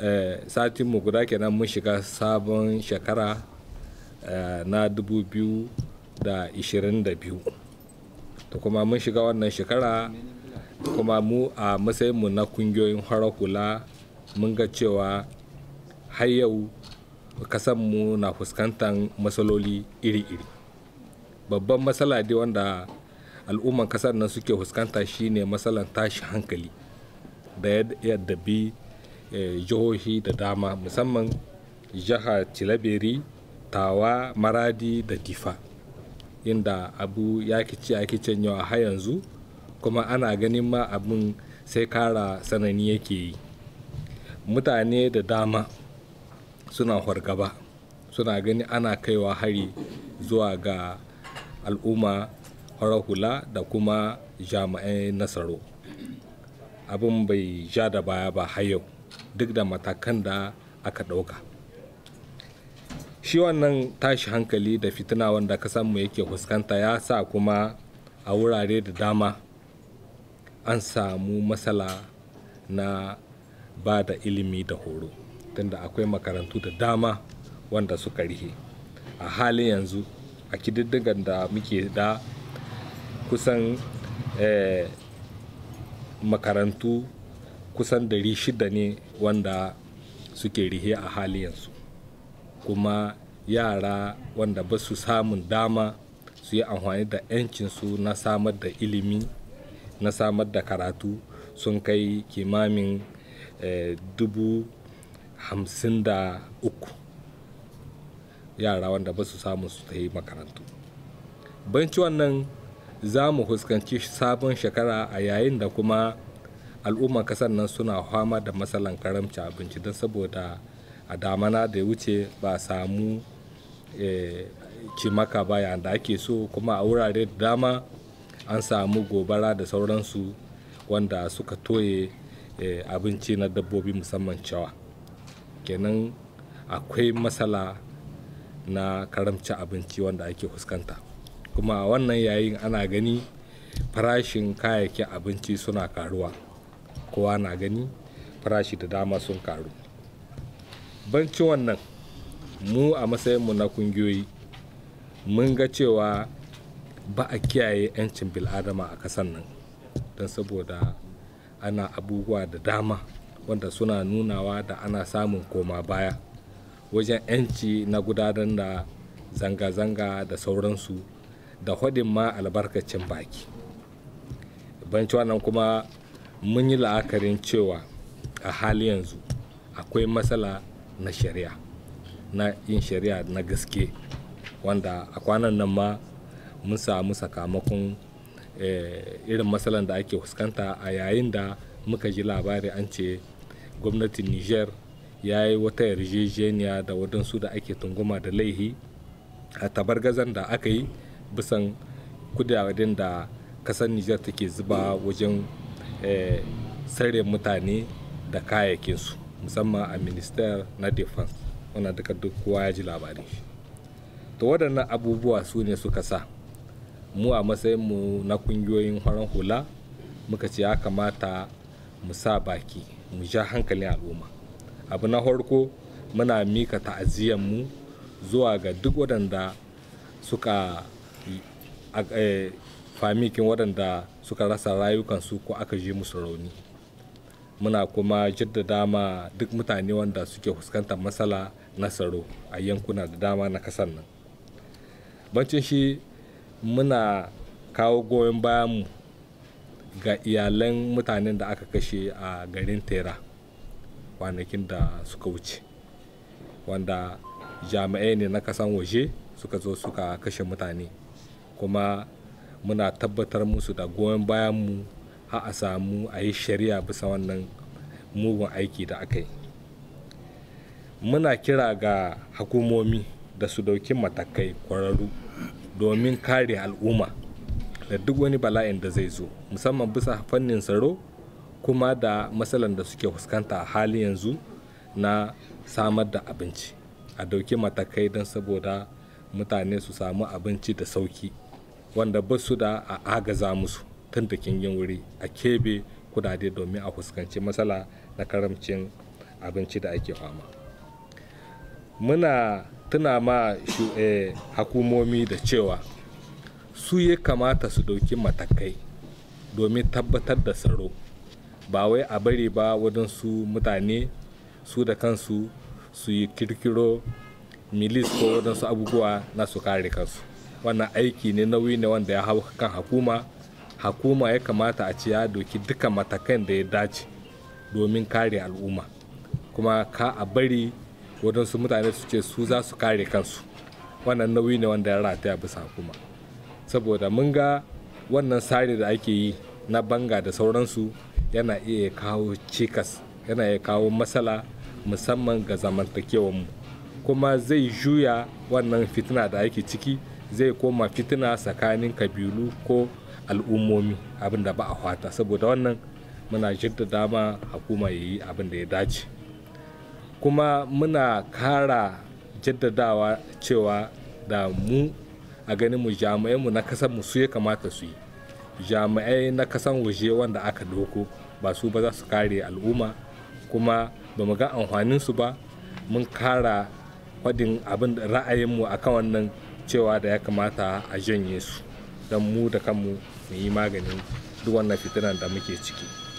Eh, satin mu guda kenan mun shiga sabon shekara eh, na 2022 to kuma mun shiga wannan shekara kuma mu a matsayinmu na kungiyoyin hara hula mun ga cewa har yau mu na fuskantar matsaloli iri-iri babban matsala dai wanda al'umman kasar nan suke fuskanta shine matsalan tashi hankali da yadda bi Eh, jihohi da dama musamman jihar tilaberi tawa maradi da difa inda abu ya kici ake canyawa har yanzu kuma ana ganin ma abin sai kara sanani yake yi mutane da dama suna hargaba suna gani ana kaiwa hari zuwa ga al'umma harahula da kuma jami'ai nasaro abin bai ja da baya ba har yau duk da matakan da aka ɗauka shi wannan tashi hankali da fitina wanda kasanmu yake fuskanta ya sa kuma a wurare da dama an samu matsala na ba da ilimi da horo tunda akwai makarantu da dama wanda suka rihe a halin yanzu a kididdigan da muke da kusan eh, makarantu kusan shida ne wanda suke rihe a hali yanzu kuma yara wanda ba su samun dama su yi amfani da 'yancinsu na samar da ilimi na samar da karatu sun kai kimamin eh, dubu hamsin da uku yara wanda ba su samu su ta yi makarantu banci wannan za mu fuskanci sabon shekara a yayin da kuma al'umman kasar nan suna fama da matsalan karamci abinci don saboda a damana da ya wuce ba samu eh, cimaka ba yanda ake so kuma a wurare da dama an samu gobara da sauransu wanda suka toye eh, abinci na dabbobi musamman cewa kenan akwai matsala na karamci abinci wanda ake fuskanta kuma wannan yayin ana gani farashin kayayyakin abinci suna karuwa kowa na gani farashi da dama sun karu banci wannan mu a matsayinmu na kungiyoyi mun ga cewa ba a kiyaye 'yancin bil'adama a kasan nan don saboda ana abubuwa da dama wanda suna nunawa da ana samun koma baya wajen 'yanci na gudanar da zanga-zanga da sauransu da hudin ma albarkacin baki banci wannan kuma mun yi la'akarin cewa a hali yanzu akwai matsala na shari'a na yin shari'a na gaske wanda a kwanan nan ma mun samu sakamakon eh, irin matsalan da ake fuskanta a yayin da muka ji labari an ce gwamnatin niger ya yi wata yarjejeniya da wadansu da ake tunguma da laihi a tabargazan da aka yi bisan kudaden da kasar niger take zuba wajen tsare mutane da kayayyakinsu musamman a minister na defense wannan duka duk kowa ya ji labarin shi to waɗannan abubuwa su ne suka sa mu a matsayin mu na kungiyoyin faran hula muka ce ya kamata mu sa baki mu ja hankalin al'umma abu na farko muna mika mu zuwa ga duk waɗanda suka eh, famikin waɗanda suka rasa rayukansu ko aka je musu rauni muna kuma jaddada dama duk mutane wanda suke fuskantar matsala na tsaro a yankuna da dama na kasan nan bancin shi muna kawo goyon bayanmu ga iyalan mutanen da aka kashe a garin tera kwanakin da suka wuce wanda jami'ai ne na kasan waje suka zo suka kashe mutane kuma muna tabbatar musu da goyon bayan mu har a samu a yi shari'a bisa wannan mugun aiki da aka yi muna kira ga hukumomi da su dauki matakai kwararru domin kare al'umma da duk wani bala'in da zai zo musamman bisa fannin tsaro kuma da matsalan da suke fuskanta a hali yanzu na samar da abinci a dauki matakai don saboda mutane su samu abinci da sauki wanda ba su da a agaza musu tun da kingin wuri a kebe kudade domin a fuskanci matsala na karamcin abinci da ake fama muna tuna ma hakumomi eh, da cewa su ya kamata su dauki matakai domin tabbatar da tsaro ba wai a bari ba su mutane su da kansu su yi kirkiro milis ko wadansu abubuwa na su kare kansu wannan aiki ne nauyi ne wanda ya hau kan hakuma hakuma ya kamata a ce ya doki duka matakan da ya dace domin kare al'umma kuma ka a bari waɗansu mutane su ce su za su kare kansu wannan nauyi ne wanda ya rataya bisa hakuma saboda mun ga wannan sare da ake yi na banga da sauransu yana iya kawo cikas yana iya kawo matsala musamman ga zamantakewanmu kuma zai juya wannan fitina da ake ciki zai koma fitina tsakanin kabilu ko al'ummomi abin da ba a fata saboda wannan muna jirda dama hukuma ya yi abin da ya dace kuma muna kara jaddadawa cewa da mu a ganin mu mu na kasan mu su ya kamata su yi jami'ai na kasan waje wanda aka doko ba su ba za su kare al'umma kuma ba mu ga su ba mun kara faɗin abin ra'ayinmu akan wannan cewa da ya kamata a janye su don mu da kanmu mu yi maganin duk wannan fitinan da muke ciki